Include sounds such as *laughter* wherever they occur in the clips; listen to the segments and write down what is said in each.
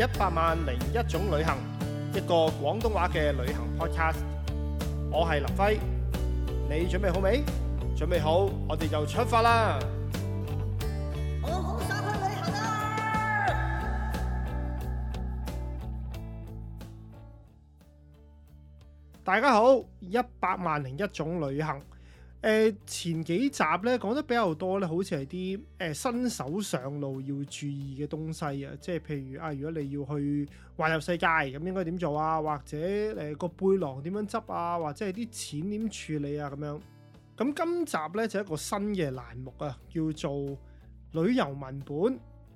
一百萬零一種旅行，一個廣東話嘅旅行 Podcast。我係林輝，你準備好未？準備好，我哋就出發啦！我好想去旅行啊！大家好，一百萬零一種旅行。誒前幾集咧講得比較多咧，好似係啲誒新手上路要注意嘅東西啊，即係譬如啊，如果你要去環遊世界，咁應該點做啊？或者誒個、呃、背囊點樣執啊？或者係啲錢點處理啊？咁樣。咁今集咧就是、一個新嘅欄目啊，叫做旅遊文本。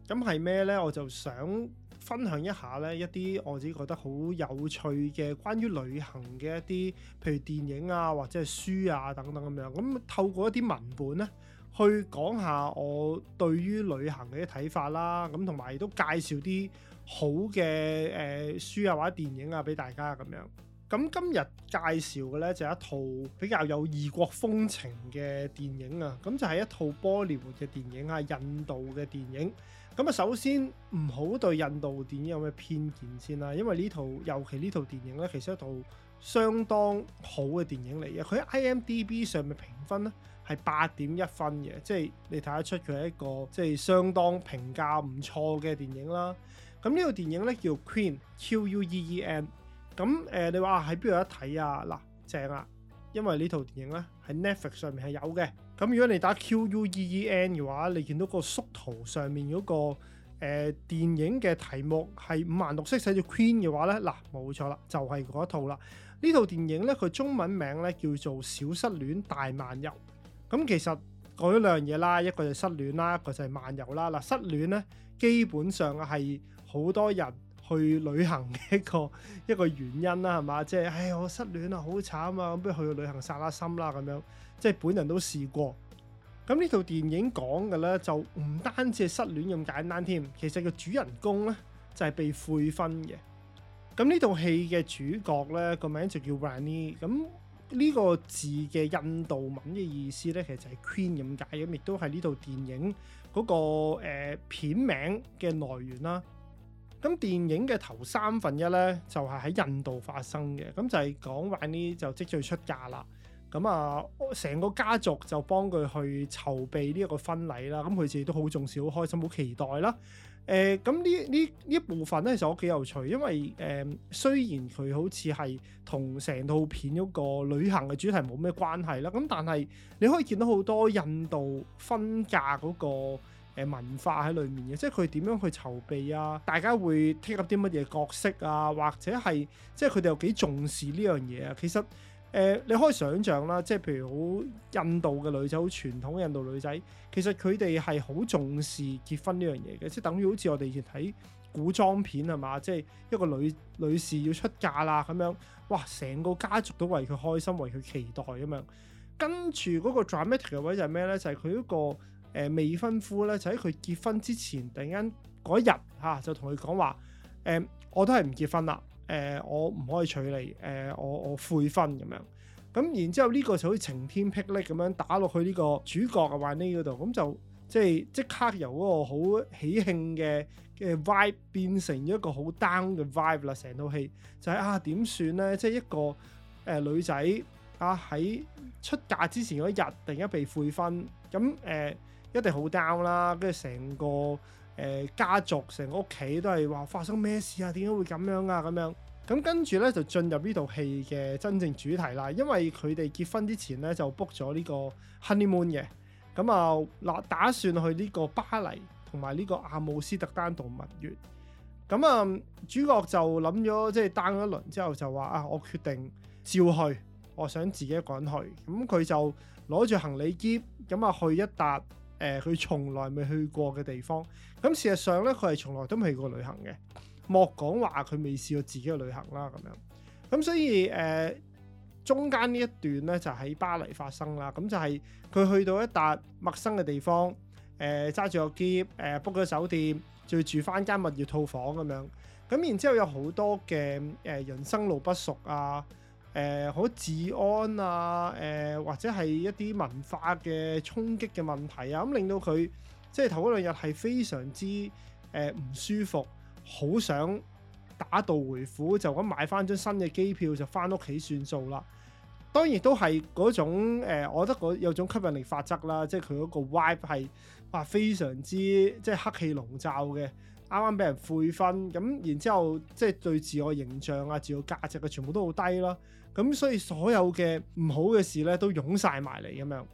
咁係咩咧？我就想。分享一下咧一啲我自己覺得好有趣嘅關於旅行嘅一啲，譬如電影啊或者係書啊等等咁樣。咁透過一啲文本咧，去講下我對於旅行嘅啲睇法啦。咁同埋都介紹啲好嘅誒、呃、書啊或者電影啊俾大家咁樣。咁今日介紹嘅咧就係、一套比較有異國風情嘅電影啊。咁就係一套 Bollywood 嘅電影啊，印度嘅電影。咁啊，首先唔好對印度電影有咩偏見先啦，因為呢套尤其呢套電影咧，其實一套相當好嘅電影嚟嘅。佢喺 IMDB 上面評分咧係八點一分嘅，即係你睇得出佢係一個即係相當評價唔錯嘅電影啦。咁呢套電影咧叫 Queen Q U E E N。咁誒、呃，你話喺邊度一睇啊？嗱、啊，正啦、啊，因為呢套電影咧喺 Netflix 上面係有嘅。咁如果你打 Q U E E N 嘅話，你見到個縮圖上面嗰、那個誒、呃、電影嘅題目係五顏六色寫住 Queen 嘅話咧，嗱冇錯啦，就係、是、嗰套啦。呢套電影咧，佢中文名咧叫做《小失戀大漫遊》嗯。咁其實講咗兩樣嘢啦，一個就失戀啦，一個就係漫遊啦。嗱失戀咧，基本上係好多人去旅行嘅一個一個原因啦，係嘛？即係唉、哎，我失戀啊，好慘啊，咁不如去旅行散下心啦，咁樣。即係本人都試過，咁呢套電影講嘅咧就唔單止係失戀咁簡單添，其實個主人公咧就係、是、被悔婚嘅。咁呢套戲嘅主角咧個名就叫 Rani，咁呢個字嘅印度文嘅意思咧其實就係 queen 咁解，咁亦都係呢套電影嗰、那個、呃、片名嘅來源啦。咁電影嘅頭三分一咧就係、是、喺印度發生嘅，咁就係講 Rani 就即最出嫁啦。咁啊，成、嗯、個家族就幫佢去籌備呢一個婚禮啦。咁、嗯、佢自己都好重視、好開心、好期待啦。誒、呃，咁呢呢呢一部分咧，其實我幾有趣，因為誒、呃、雖然佢好似係同成套片嗰個旅行嘅主題冇咩關係啦，咁、嗯、但係你可以見到好多印度婚嫁嗰個、呃、文化喺裏面嘅，即係佢點樣去籌備啊，大家會 take 入啲乜嘢角色啊，或者係即係佢哋又幾重視呢樣嘢啊，其實。誒、呃、你可以想像啦，即係譬如好印度嘅女仔，好傳統印度女仔，其實佢哋係好重視結婚呢樣嘢嘅，即係等於好似我哋以前睇古裝片係嘛，即係一個女女士要出嫁啦咁樣，哇！成個家族都為佢開心，為佢期待咁樣。跟住嗰個 dramatic 嘅位就係咩呢？就係佢嗰個、呃、未婚夫呢，就喺、是、佢結婚之前，突然間嗰日嚇就同佢講話，誒、呃、我都係唔結婚啦。誒、呃、我唔可以娶你，誒、呃、我我悔婚咁樣，咁然之後呢個就好似晴天霹靂咁樣打落去呢個主角嘅話呢度，咁、這個、就即係即刻由嗰個好喜慶嘅嘅 vibe 變成咗一個好 down 嘅 vibe 啦，成套戲就係、是、啊點算呢？即係一個誒、呃、女仔啊喺出嫁之前嗰日突然間被悔婚，咁誒、呃、一定好 down 啦，跟住成個。呃、家族成個屋企都係話發生咩事啊？點解會咁樣啊？咁樣咁、嗯、跟住呢就進入呢套戲嘅真正主題啦。因為佢哋結婚之前呢，就 book 咗呢個 Honeymoon 嘅，咁啊嗱打算去呢個巴黎同埋呢個阿姆斯特丹度蜜月。咁、嗯、啊主角就諗咗即係 down 咗一輪之後就話啊我決定照去，我想自己一個人去。咁、嗯、佢就攞住行李喼咁啊去一笪。誒佢、呃、從來未去過嘅地方，咁事實上咧，佢係從來都未去過旅行嘅，莫講話佢未試過自己嘅旅行啦咁樣。咁所以誒、呃，中間呢一段咧就喺、是、巴黎發生啦，咁就係佢去到一笪陌生嘅地方，誒揸住個機，誒 book 個酒店，就住翻間物業套房咁樣，咁然之後有好多嘅誒人生路不熟啊。誒好、呃、治安啊！誒、呃、或者係一啲文化嘅衝擊嘅問題啊，咁、嗯、令到佢即係頭嗰兩日係非常之誒唔、呃、舒服，好想打道回府，就咁買翻張新嘅機票就翻屋企算數啦。當然都係嗰種、呃、我覺得有種吸引力法則啦，即係佢嗰個 vibe 係非常之即係黑氣籠罩嘅，啱啱俾人悔婚，咁然之後即係對自我形象啊、自我價值啊，全部都好低啦。咁所以所有嘅唔好嘅事咧都湧晒埋嚟咁樣，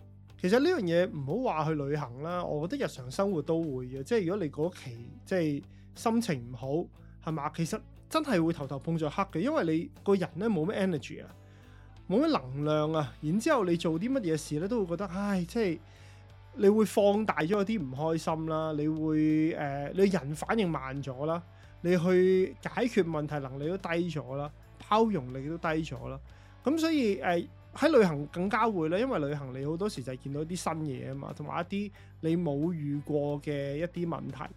其實呢樣嘢唔好話去旅行啦，我覺得日常生活都會嘅，即係如果你嗰期即係心情唔好，係嘛？其實真係會頭頭碰着黑嘅，因為你個人咧冇咩 energy 啊，冇乜能量啊，然之後你做啲乜嘢事咧都會覺得，唉，即係你會放大咗有啲唔開心啦，你會誒、呃、你人反應慢咗啦，你去解決問題能力都低咗啦。包容力都低咗啦，咁所以誒喺、呃、旅行更加會啦，因為旅行你好多時就係見到啲新嘢啊嘛，同埋一啲你冇遇過嘅一啲問題。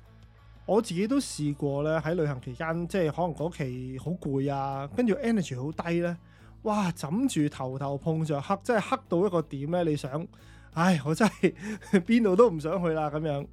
我自己都試過咧，喺旅行期間即係可能嗰期好攰啊，跟住 energy 好低咧，哇枕住頭頭碰着黑，真係黑到一個點咧，你想，唉我真係邊度都唔想去啦咁樣。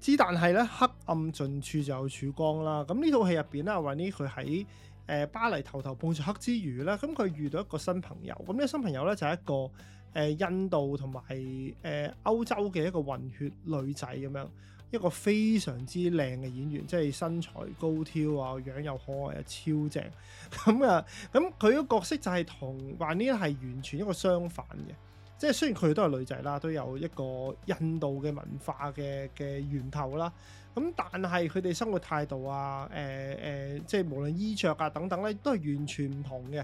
之但係咧，黑暗盡處就有曙光啦。咁呢套戲入邊咧，或者佢喺～誒巴黎頭頭碰著黑之餘咧，咁佢遇到一個新朋友，咁呢個新朋友咧就係一個誒印度同埋誒歐洲嘅一個混血女仔咁樣，一個非常之靚嘅演員，即係身材高挑啊，樣又可愛啊，超正。咁啊，咁佢個角色就係同萬啲係完全一個相反嘅。即係雖然佢哋都係女仔啦，都有一個印度嘅文化嘅嘅源頭啦。咁但係佢哋生活態度啊，誒、呃、誒、呃，即係無論衣着啊等等咧，都係完全唔同嘅。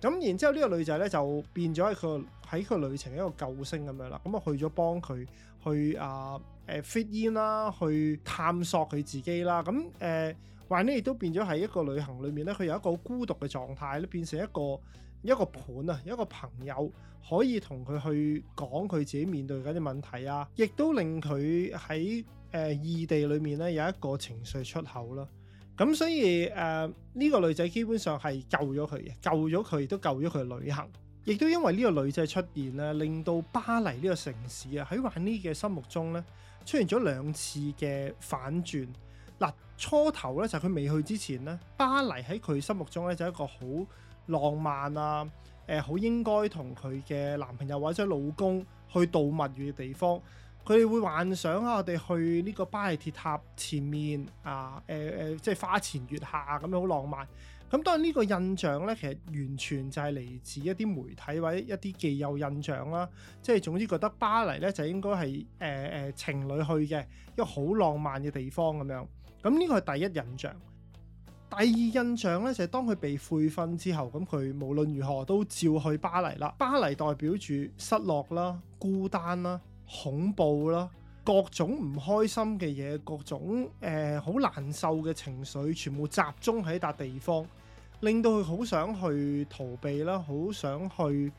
咁然之後呢個女仔咧就變咗喺佢喺佢旅程一個救星咁樣啦。咁啊去咗幫佢去啊誒 fit in 啦，去探索佢自己啦。咁誒 v a 亦都變咗喺一個旅行裏面咧，佢由一個孤獨嘅狀態咧，變成一個。一個盤啊，一個朋友可以同佢去講佢自己面對緊啲問題啊，亦都令佢喺誒異地裏面咧有一個情緒出口咯。咁所以誒，呢、呃呢個女仔基本上係救咗佢嘅，救咗佢亦都救咗佢旅行，亦都因為呢個女仔出現咧，令到巴黎呢個城市啊喺玩呢嘅心目中咧出現咗兩次嘅反轉。嗱、呃、初頭咧就佢、是、未去之前咧，巴黎喺佢心目中咧就是、一個好浪漫啊，誒、呃、好應該同佢嘅男朋友或者老公去度蜜月嘅地方，佢哋會幻想啊，我哋去呢個巴黎鐵塔前面啊，誒、呃、誒，即係花前月下啊，咁樣好浪漫。咁當然呢個印象咧，其實完全就係嚟自一啲媒體或者一啲既有印象啦，即係總之覺得巴黎咧就應該係誒誒情侶去嘅一個好浪漫嘅地方咁樣。咁呢、這個係第一印象。第二印象咧就係、是、當佢被悔婚之後，咁佢無論如何都照去巴黎啦。巴黎代表住失落啦、孤單啦、恐怖啦，各種唔開心嘅嘢，各種誒好、呃、難受嘅情緒，全部集中喺一笪地方，令到佢好想去逃避啦，好想去誒、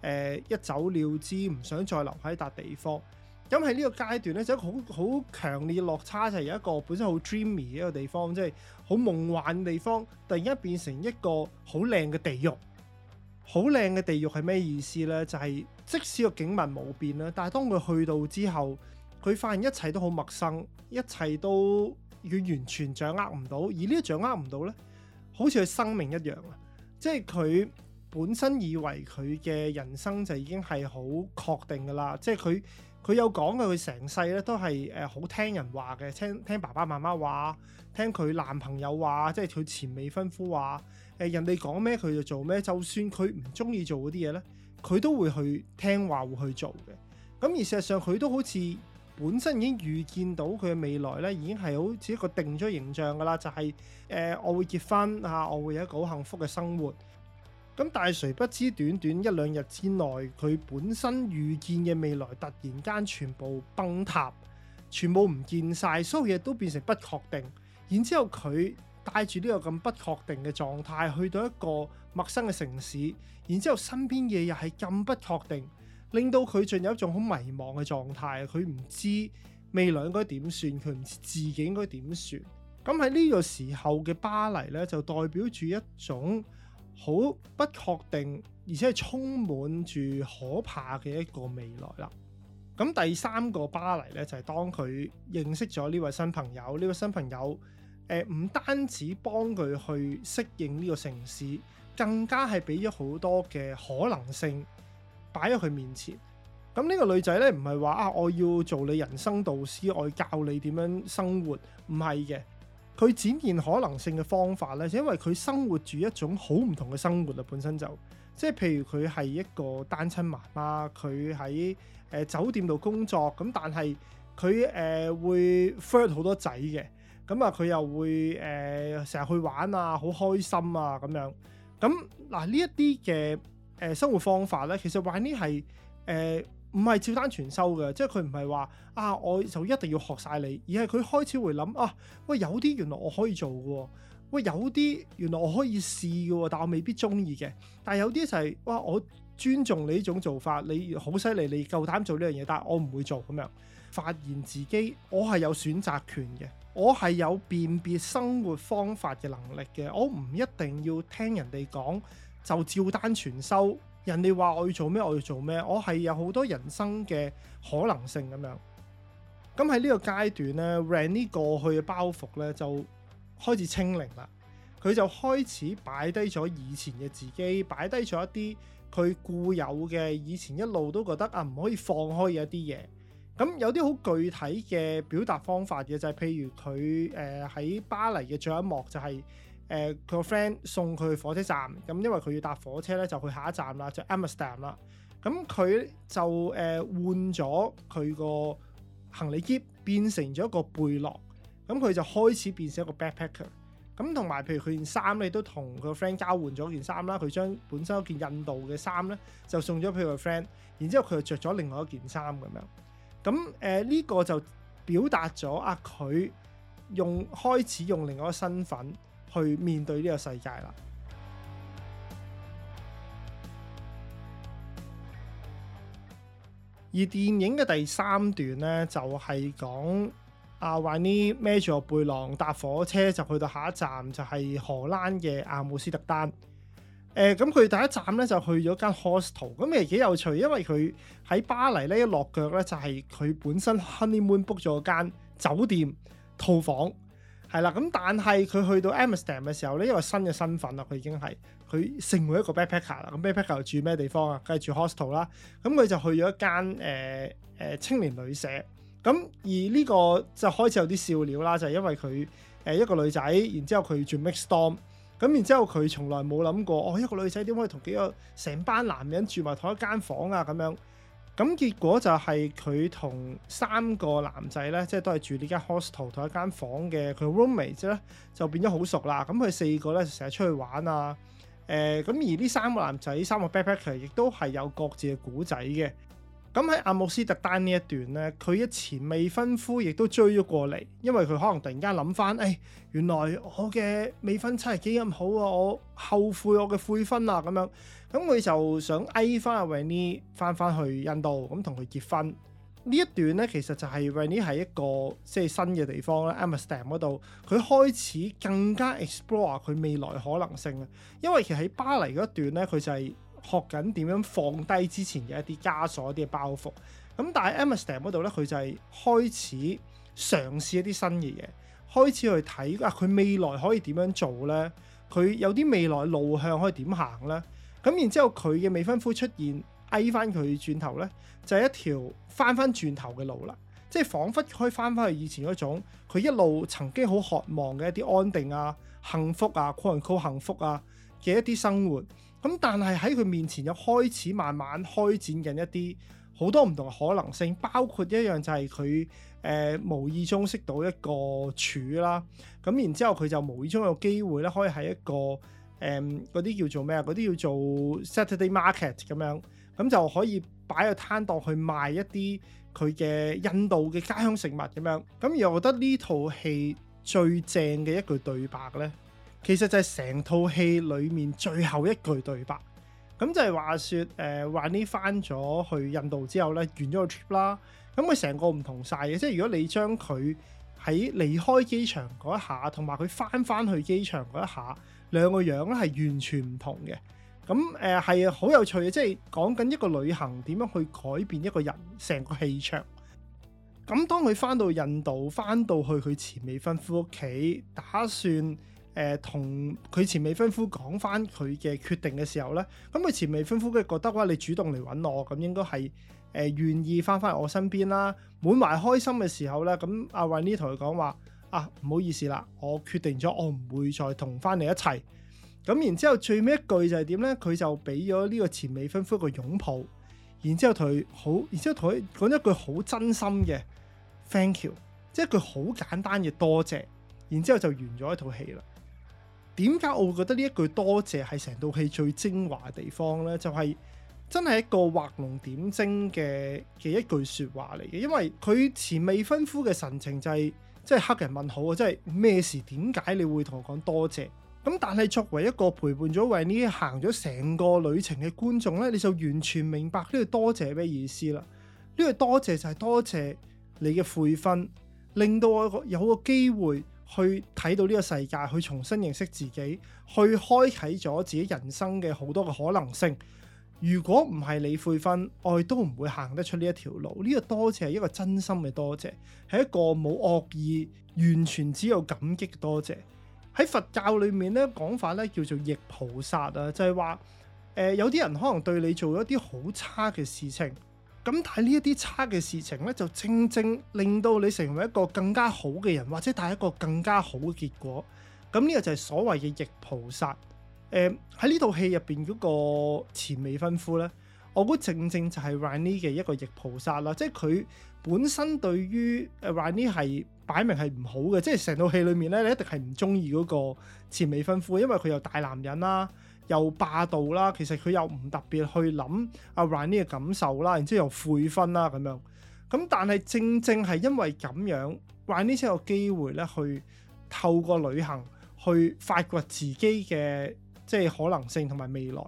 呃、一走了之，唔想再留喺一笪地方。咁喺呢個階段咧，就一個好好強烈落差，就係有一個本身好 dreamy 嘅一個地方，即係好夢幻嘅地方，突然間變成一個好靚嘅地獄。好靚嘅地獄係咩意思呢？就係即使個景物冇變啦，但係當佢去到之後，佢發現一切都好陌生，一切都要完全掌握唔到。而呢個掌握唔到呢，好似佢生命一樣啊！即係佢本身以為佢嘅人生就已經係好確定㗎喇，即係佢。佢有講嘅，佢成世咧都係誒好聽人話嘅，聽聽爸爸媽媽話，聽佢男朋友話，即係佢前未婚夫話，誒人哋講咩佢就做咩，就算佢唔中意做嗰啲嘢咧，佢都會去聽話會去做嘅。咁而事實上佢都好似本身已經預見到佢嘅未來咧，已經係好似一個定咗形象㗎喇，就係、是、誒、呃、我會結婚啊，我會有一個好幸福嘅生活。咁但係誰不知，短短一兩日之內，佢本身預見嘅未來突然間全部崩塌，全部唔見晒，所有嘢都變成不確定。然之後佢帶住呢個咁不確定嘅狀態，去到一個陌生嘅城市。然之後身邊嘢又係咁不確定，令到佢進入一種好迷茫嘅狀態。佢唔知未來應該點算，佢唔知自己應該點算。咁喺呢個時候嘅巴黎呢，就代表住一種。好不確定，而且係充滿住可怕嘅一個未來啦。咁第三個巴黎咧，就係當佢認識咗呢位新朋友，呢位新朋友呃，唔單止幫佢去適應呢個城市，更加係俾咗好多嘅可能性擺喺佢面前。咁呢個女仔咧，唔係話啊，我要做你人生導師，我要教你點樣生活，唔係嘅。佢展現可能性嘅方法咧，就因為佢生活住一種好唔同嘅生活啊。本身就即係，譬如佢係一個單親媽媽，佢喺誒酒店度工作咁，但係佢誒會 fight 好多仔嘅咁啊，佢、嗯、又會誒成日去玩啊，好開心啊咁樣咁嗱呢一啲嘅誒生活方法咧，其實 Yanny 係誒。呃唔係照單全收嘅，即係佢唔係話啊，我就一定要學晒你，而係佢開始會諗啊，喂，有啲原來我可以做嘅，喂，有啲原來我可以試嘅，但我未必鍾意嘅。但係有啲就係、是、哇，我尊重你呢種做法，你好犀利，你夠膽做呢樣嘢，但係我唔會做咁樣。發現自己我係有選擇權嘅，我係有辨別生活方法嘅能力嘅，我唔一定要聽人哋講就照單全收。人哋話我要做咩，我要做咩，我係有好多人生嘅可能性咁樣。咁喺呢個階段咧，Randy 過去嘅包袱咧就開始清零啦，佢就開始擺低咗以前嘅自己，擺低咗一啲佢固有嘅以前一路都覺得啊唔可以放開嘅一啲嘢。咁有啲好具體嘅表達方法嘅就係，譬如佢誒喺巴黎嘅最後一幕就係、是。誒佢個 friend 送佢去火車站，咁、嗯、因為佢要搭火車咧，就去下一站啦，就 Amsterdam 啦。咁、嗯、佢就誒、呃、換咗佢個行李篋，變成咗一個背囊。咁、嗯、佢就開始變成一個 backpacker、嗯。咁同埋譬如佢件衫你都同佢個 friend 交換咗件衫啦。佢將本身嗰件印度嘅衫咧，就送咗俾佢個 friend。然之後佢就着咗另外一件衫咁樣。咁誒呢個就表達咗啊，佢用開始用另外一個身份。去面對呢個世界啦！而電影嘅第三段呢，就係講阿 Winnie 孭住個背囊搭火車，就去到下一站，就係、是、荷蘭嘅阿姆斯特丹。咁、呃、佢第一站呢，就去咗間 hostel，咁其實幾有趣，因為佢喺巴黎呢，一落腳呢，就係、是、佢本身 honeymoon book 咗間酒店套房。係啦，咁但係佢去到 Amsterdam 嘅 am 時候，呢一個新嘅身份啦，佢已經係佢成為一個 backpacker 啦。咁 backpacker 住咩地方啊？梗係住 hostel 啦。咁佢就去咗一間誒誒、呃呃、青年旅社。咁而呢個就開始有啲笑料啦，就係、是、因為佢誒、呃、一個女仔，然之後佢住 mix dorm。咁然之後佢從來冇諗過哦，一個女仔點可以同幾個成班男人住埋同一間房啊？咁樣。咁結果就係佢同三個男仔咧，即係都係住呢間 hostel 同一間房嘅，佢 roommate 即係咧就變咗好熟啦。咁佢四個咧就成日出去玩啊。誒、呃，咁而呢三個男仔，三個 backpacker 亦都係有各自嘅故仔嘅。咁喺阿姆斯特丹呢一段咧，佢一前未婚夫亦都追咗過嚟，因為佢可能突然間諗翻，誒、哎、原來我嘅未婚妻係幾咁好啊，我後悔我嘅悔婚啦、啊、咁樣，咁佢就想捱翻阿 Rani 翻翻去印度，咁同佢結婚。呢一段咧其實就係 Rani 喺一個即係、就是、新嘅地方啦 Amsterdam 嗰度，佢開始更加 explore 佢未來可能性啊，因為其實喺巴黎嗰一段咧，佢就係、是。學緊點樣放低之前嘅一啲枷鎖、一啲包袱，咁但係 Amsterdam 嗰度咧，佢就係開始嘗試一啲新嘅嘢，開始去睇啊佢未來可以點樣做咧，佢有啲未來路向可以點行咧，咁、嗯、然之後佢嘅未婚夫出現，嗌翻佢轉頭咧，就係、是、一條翻翻轉頭嘅路啦，即係彷彿可以翻翻去以前嗰種，佢一路曾經好渴望嘅一啲安定啊、幸福啊、窮人窮幸福啊嘅一啲生活。咁但係喺佢面前又開始慢慢開展緊一啲好多唔同嘅可能性，包括一樣就係佢誒無意中識到一個柱啦。咁、啊、然之後佢就無意中有機會咧，可以喺一個誒嗰啲叫做咩啊？嗰啲叫做 Saturday Market 咁樣，咁就可以擺個攤檔去賣一啲佢嘅印度嘅家鄉食物咁樣。咁又覺得呢套戲最正嘅一句對白咧？其實就係成套戲裡面最後一句對白，咁就係話説，誒 w i 翻咗去印度之後咧，完咗個 trip 啦，咁佢成個唔同晒嘅，即係如果你將佢喺離開機場嗰一下，同埋佢翻翻去機場嗰一下，兩個樣咧係完全唔同嘅，咁誒係好有趣嘅，即係講緊一個旅行點樣去改變一個人成個氣場。咁當佢翻到印度，翻到去佢前未婚夫屋企，打算。誒同佢前未婚夫講翻佢嘅決定嘅時候呢，咁佢前未婚夫覺得話你主動嚟揾我，咁應該係誒、呃、願意翻翻我身邊啦。滿懷開心嘅時候呢，咁阿 Rani 同佢講話：啊唔好意思啦，我決定咗我唔會再同翻你一齊。咁然之後最尾一句就係點呢？佢就俾咗呢個前未婚夫一個擁抱，然之後同佢好，然之後同佢講一句好真心嘅 thank you，即係一句好簡單嘅多謝。然之後就完咗一套戲啦。點解我會覺得呢一句多謝係成套戲最精華嘅地方呢？就係真係一個畫龍點睛嘅嘅一句説話嚟嘅，因為佢前未婚夫嘅神情就係即係黑人問號，啊！即係咩事？點解你會同我講多謝？咁但係作為一個陪伴咗維尼行咗成個旅程嘅觀眾呢，你就完全明白呢個多謝咩意思啦。呢個多謝就係多謝你嘅悔婚，令到我有個機會。去睇到呢個世界，去重新認識自己，去開啟咗自己人生嘅好多嘅可能性。如果唔係你悔婚，我都唔會行得出呢一條路。呢、這個多謝係一個真心嘅多謝，係一個冇惡意，完全只有感激嘅多謝。喺佛教裏面咧，講法咧叫做逆菩薩啊，就係、是、話，誒、呃，有啲人可能對你做一啲好差嘅事情。咁但係呢一啲差嘅事情咧，就正正令到你成為一個更加好嘅人，或者帶一個更加好嘅結果。咁呢個就係所謂嘅逆菩薩。誒，喺呢套戲入邊嗰個前未婚夫咧，我估正正就係 Rani 嘅一個逆菩薩啦。即係佢本身對於誒 Rani 係擺明係唔好嘅，即係成套戲裡面咧，你一定係唔中意嗰個前未婚夫，因為佢有大男人啦、啊。又霸道啦，其實佢又唔特別去諗阿 Rani 嘅感受啦，然之後又悔婚啦咁樣。咁但係正正係因為咁樣，Rani 先有機會咧去透過旅行去發掘自己嘅即係可能性同埋未來。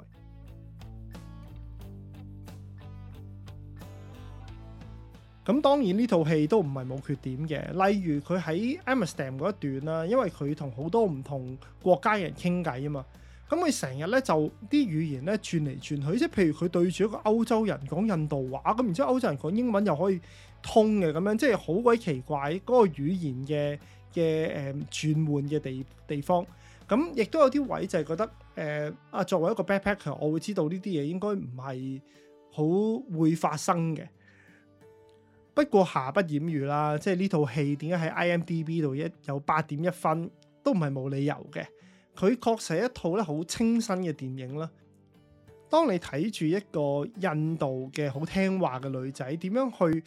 咁 *music* 當然呢套戲都唔係冇缺點嘅，例如佢喺 Amsterdam 嗰一段啦，因為佢同好多唔同國家嘅人傾偈啊嘛。咁佢成日呢就啲語言呢轉嚟轉去，即係譬如佢對住一個歐洲人講印度話，咁然之後歐洲人講英文又可以通嘅，咁樣即係好鬼奇怪嗰、那個語言嘅嘅誒轉換嘅地地方。咁、嗯、亦都有啲位就係覺得誒啊、呃，作為一個 backpacker，我會知道呢啲嘢應該唔係好會發生嘅。不過瑕不掩瑜啦，即係呢套戲點解喺 IMDB 度一有八點一分都唔係冇理由嘅。佢確實係一套咧好清新嘅電影啦。當你睇住一個印度嘅好聽話嘅女仔點樣去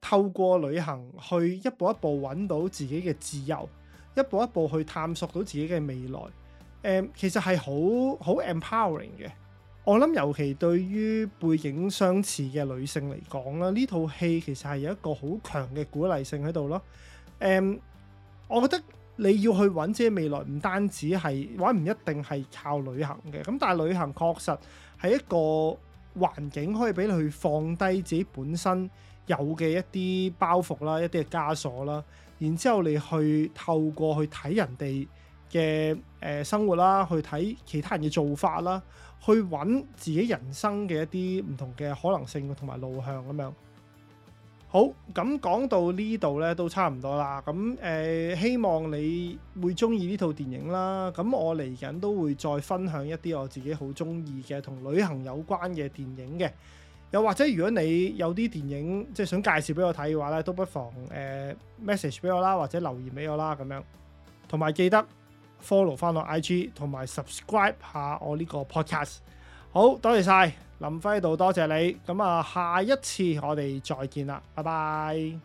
透過旅行去一步一步揾到自己嘅自由，一步一步去探索到自己嘅未來。誒、嗯，其實係好好 empowering 嘅。我諗尤其對於背景相似嘅女性嚟講啦，呢套戲其實係有一個好強嘅鼓勵性喺度咯。誒、嗯，我覺得。你要去揾自己未來，唔單止係揾，唔一定係靠旅行嘅。咁但係旅行確實係一個環境，可以俾你去放低自己本身有嘅一啲包袱啦，一啲嘅枷鎖啦。然之後你去透過去睇人哋嘅誒生活啦，去睇其他人嘅做法啦，去揾自己人生嘅一啲唔同嘅可能性同埋路向咁樣。好，咁講到呢度呢都差唔多啦。咁誒，希望你會中意呢套電影啦。咁我嚟緊都會再分享一啲我自己好中意嘅同旅行有關嘅電影嘅。又或者如果你有啲電影即係想介紹俾我睇嘅話呢，都不妨誒 message 俾我啦，或者留言俾我啦咁樣。同埋記得 follow 翻我 IG，同埋 subscribe 下我呢個 podcast。好多謝晒！林輝度，多謝你。咁啊，下一次我哋再見啦，拜拜。